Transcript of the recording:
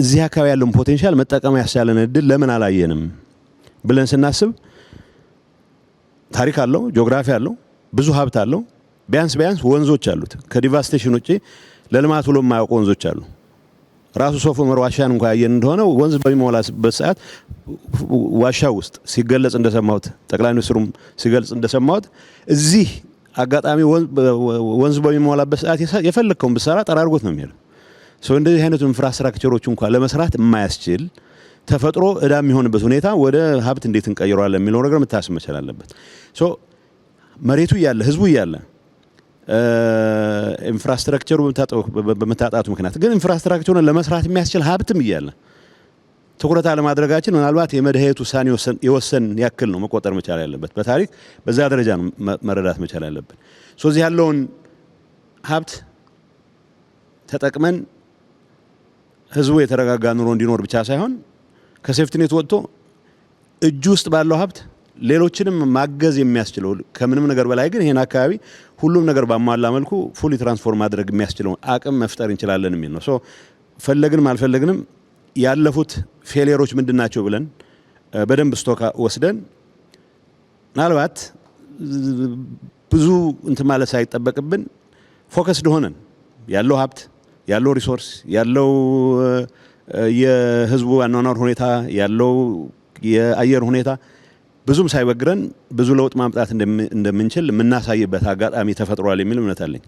እዚህ አካባቢ ያለውን ፖቴንሻል መጠቀም ያስቻለን እድል ለምን አላየንም ብለን ስናስብ ታሪክ አለው፣ ጂኦግራፊ አለው፣ ብዙ ሀብት አለው። ቢያንስ ቢያንስ ወንዞች አሉት። ከዲቫስቴሽን ውጭ ለልማት ብሎ የማያውቁ ወንዞች አሉ። ራሱ ሶፍ ዑመር ዋሻን እንኳ ያየን እንደሆነ ወንዝ በሚሞላበት ሰዓት ዋሻ ውስጥ ሲገለጽ እንደሰማሁት ጠቅላይ ሚኒስትሩም ሲገልጽ እንደሰማሁት እዚህ አጋጣሚ ወንዝ በሚሞላበት ሰዓት የፈለግከውን ብሰራ ጠራርጎት ነው የሚሄደው። ሰው እንደዚህ አይነቱ ኢንፍራስትራክቸሮች እንኳን ለመስራት የማያስችል ተፈጥሮ እዳ የሚሆንበት ሁኔታ ወደ ሀብት እንዴት እንቀይረዋለን የሚለው ነገር መታሰብ መቻል አለበት። መሬቱ እያለ ህዝቡ እያለ ኢንፍራስትራክቸሩ በመታጣቱ ምክንያት ግን ኢንፍራስትራክቸሩን ለመስራት የሚያስችል ሀብትም እያለ ትኩረት አለማድረጋችን ምናልባት የመድሀየት ውሳኔ የወሰን ያክል ነው መቆጠር መቻል ያለበት። በታሪክ በዛ ደረጃ ነው መረዳት መቻል ያለብን። እዚህ ያለውን ሀብት ተጠቅመን ህዝቡ የተረጋጋ ኑሮ እንዲኖር ብቻ ሳይሆን ከሴፍትኔት ወጥቶ እጁ ውስጥ ባለው ሀብት ሌሎችንም ማገዝ የሚያስችለው ከምንም ነገር በላይ ግን ይሄን አካባቢ ሁሉም ነገር ባሟላ መልኩ ፉሊ ትራንስፎርም ማድረግ የሚያስችለው አቅም መፍጠር እንችላለን የሚል ነው። ፈለግንም አልፈለግንም ያለፉት ፌሌሮች ምንድን ናቸው ብለን በደንብ ስቶካ ወስደን ምናልባት ብዙ እንትን ማለት ሳይጠበቅብን ፎከስድ ሆነን ያለው ሀብት ያለው ሪሶርስ ያለው የህዝቡ አኗኗር ሁኔታ ያለው የአየር ሁኔታ ብዙም ሳይበግረን ብዙ ለውጥ ማምጣት እንደምንችል የምናሳይበት አጋጣሚ ተፈጥሯል የሚል እምነት አለኝ።